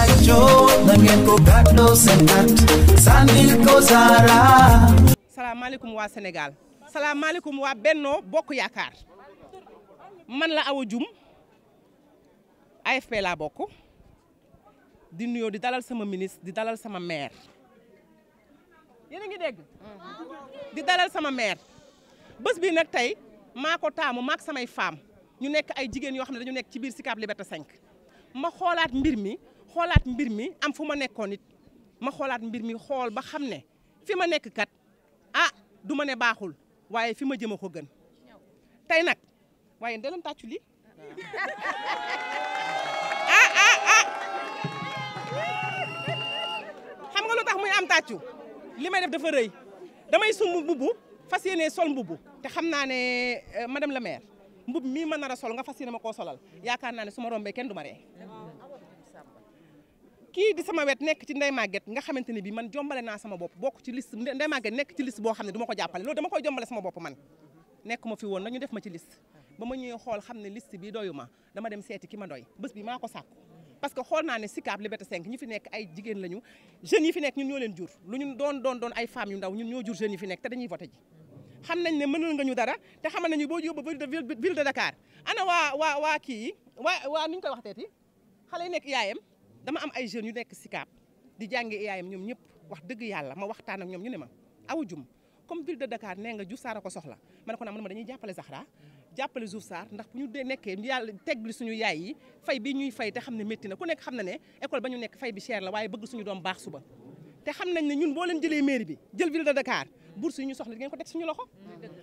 laajoo waa Sénégal salaamaaleykum waa Benno Bokk Yaakaar man la aw Awa Dioum AFP laa bokk di nuyoo di dalal sama ministre di dalal sama maire yéen a ngi dégg di dalal sama maire bés bi nag tey maa ko taamu maak samay femme ñu nekk ay jigéen yoo xam ne dañu nekk ci biir Sicap Liberté 5 ma xoolaat mbir mi xoolaat mbir mi am fu ma nekkoon it ma xoolaat mbir mi xool ba xam ne fi ma nekk kat ah, du ma ne baaxul waaye fi ma jëm gën tey nag waaye da tàccu li ah, ah, ah xam nga lu tax muy am tàccu li ma def dafa rëy damay sumb mbubu fas sol mbubu te xam naa ne euh, madame la maire mbub mii ma nar a sol nga fas yéene ma koo solal yaakaar naa ne su ma rombee kenn du ma ree kii di sama wet nekk ci Ndeye Maguette nga xamante ne bii man jombale naa sama bopp bokk ci liste Ndeye Maguette nekk ci liste boo xam ne du ma ko jàppale loolu dama koy jombale sama bopp man nekk ma fi woon nañu def ma ci liste ba ma ñëwee xool xam ne liste bi doyu dama dem seeti ki ma doy bés bi maa ko sàkku parce que xool naa ne Sicap Liberté 5 ñi fi nekk ay jigéen lañu jeunes yi fi nekk ñun ñoo leen jur lu ñu doon doon doon ay femmes yu ndaw ñun ñoo jur jeunes yi fi nekk te dañuy xam nañ ne ñu dara te xamal nañu boo yóbbu ba ville de Dakar ana waa waa waa kii yi waa waa nu ñu koy waxteeti xale yi nekk IAM dama am ay jeunes yu nekk Sicap di jàngi IAM ñoom ñëpp wax dëgg yàlla ma waxtaan ñoom ñu ne ma aw jum comme ville de Dakar nee nga Diouf Sarr a ko soxla ma ne ko naa man ma dañuy jàppale Zahra jàppale Diouf Sarr ñu dee nekkee yàlla suñu yaay yi fay bi fay te xam ne métti na ku nekk xam na ne école ba ñu nekk fay bi cher la waaye bëgg suñu doom baax suba te xam nañ ne ñun boo leen jëlee mairie bi jël ville de Dakar bourse yi ñu soxla di ngeen ko teg ñu loxo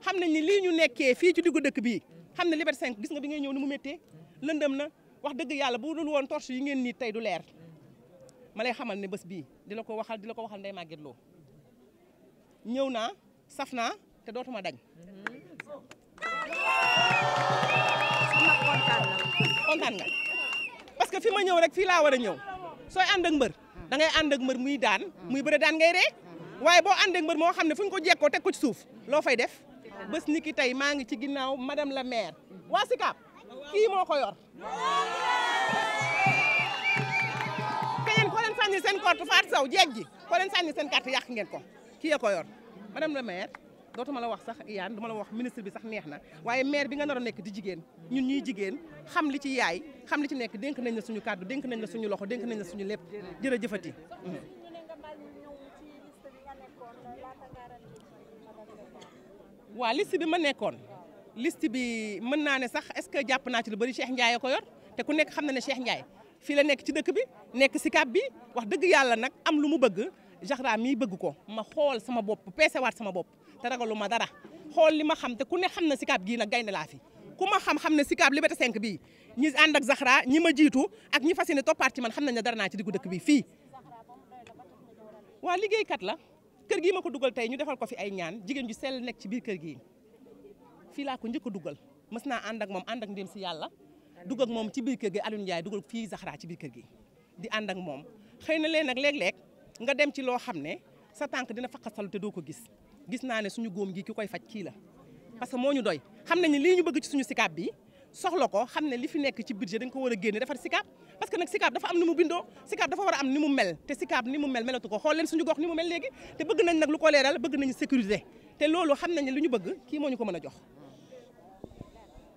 xam nañ ne lii ñu nekkee fii ci diggu dëkk bii xam ne Liberté 5 gis nga bi ngay ñëw ni mu méttee lëndëm na wax dëgg yàlla bu dul woon torche yi ngeen nii tey du leer ma lay xamal ne bés bii di la ko waxal di la ko waxal Ndeye Maguette Lo ñëw naa saf naa te dootuma dañ. kontaan nga parce que fi ma ñëw rek fii laa war a ñëw sooy ànd ak mbër da ngay ànd ak mbër muy daan muy bëre daan ngay ree waaye boo ànd ak mbër moo xam ne fu ñu ko jekkoo teg ko ci suuf loo fay def bës ni ki tey maa ngi ci ginnaaw madame la maire waa Sicap kii moo ko yor keneen leen sànni seen carte Fatou Sow jeeg ji ko leen sànni seen carte yàq ngeen ko kii ko yor madame le maire dootuma la wax sax yaan duma la wax ministre bi sax neex na waaye maire bi nga nar a nekk di jigéen ñun ñuy jigéen xam li ci yaay xam li ci nekk dénk nañ la suñu kàddu dénk nañ la suñu loxo dénk nañ la suñu lépp jërëjëfati waaw liste bi ma nekkoon list bi mën naa ne sax est-ce que jàpp naa ci lu bëri Cheikh Ndiaye ko yor te ku nekk xam na ne Cheikh Ndiaye fii la nekk ci dëkk bi nekk si kàb bi wax dëgg yàlla nag am lu mu bëgg Zahra mii bëgg ko ma xool sama bopp waat sama bopp te ragalu ma dara xool li ma xam te ku ne xam na si kàb gii nag gaynde laa fi ku ma xam-xam ne si kàb Liberté 5 bi ñi ànd ak Zahra ñi ma jiitu ak ñi fas yéene toppaat ci man xam nañ ne dara naa ci diggu dëkk bi fii liggéeykat la kër gii ma ko dugal tey ñu defal ko fi ay ñaan jigéen ju sell nekk ci biir kër gii fii laa ko njëkk dugal dugal mës naa ànd moom ànd ak ndéem si yàlla dugg ak ci biir kër gi Alioune Ndiaye dugal fii Zahra ci biir kër gi di ànd ak moom xay na leen nag léeg-léeg nga dem ci loo xam ne sa tànk dina faqasalu te doo ko gis gis naa ne suñu góom gi ki koy faj kii la moo ñu doy xam nañu lii ñu bëgg ci suñu bi soxla ko xam ne li fi nekk ci budget dañ ko a génne defar sikaab mu bindoo a ni mu mel te ko xool leen suñu gox ni mu mel léegi te nag lu ko leeral bëgg nañu sécurité te loolu xam nañ lu ñu bëgg kii moo ñu ko mën a jox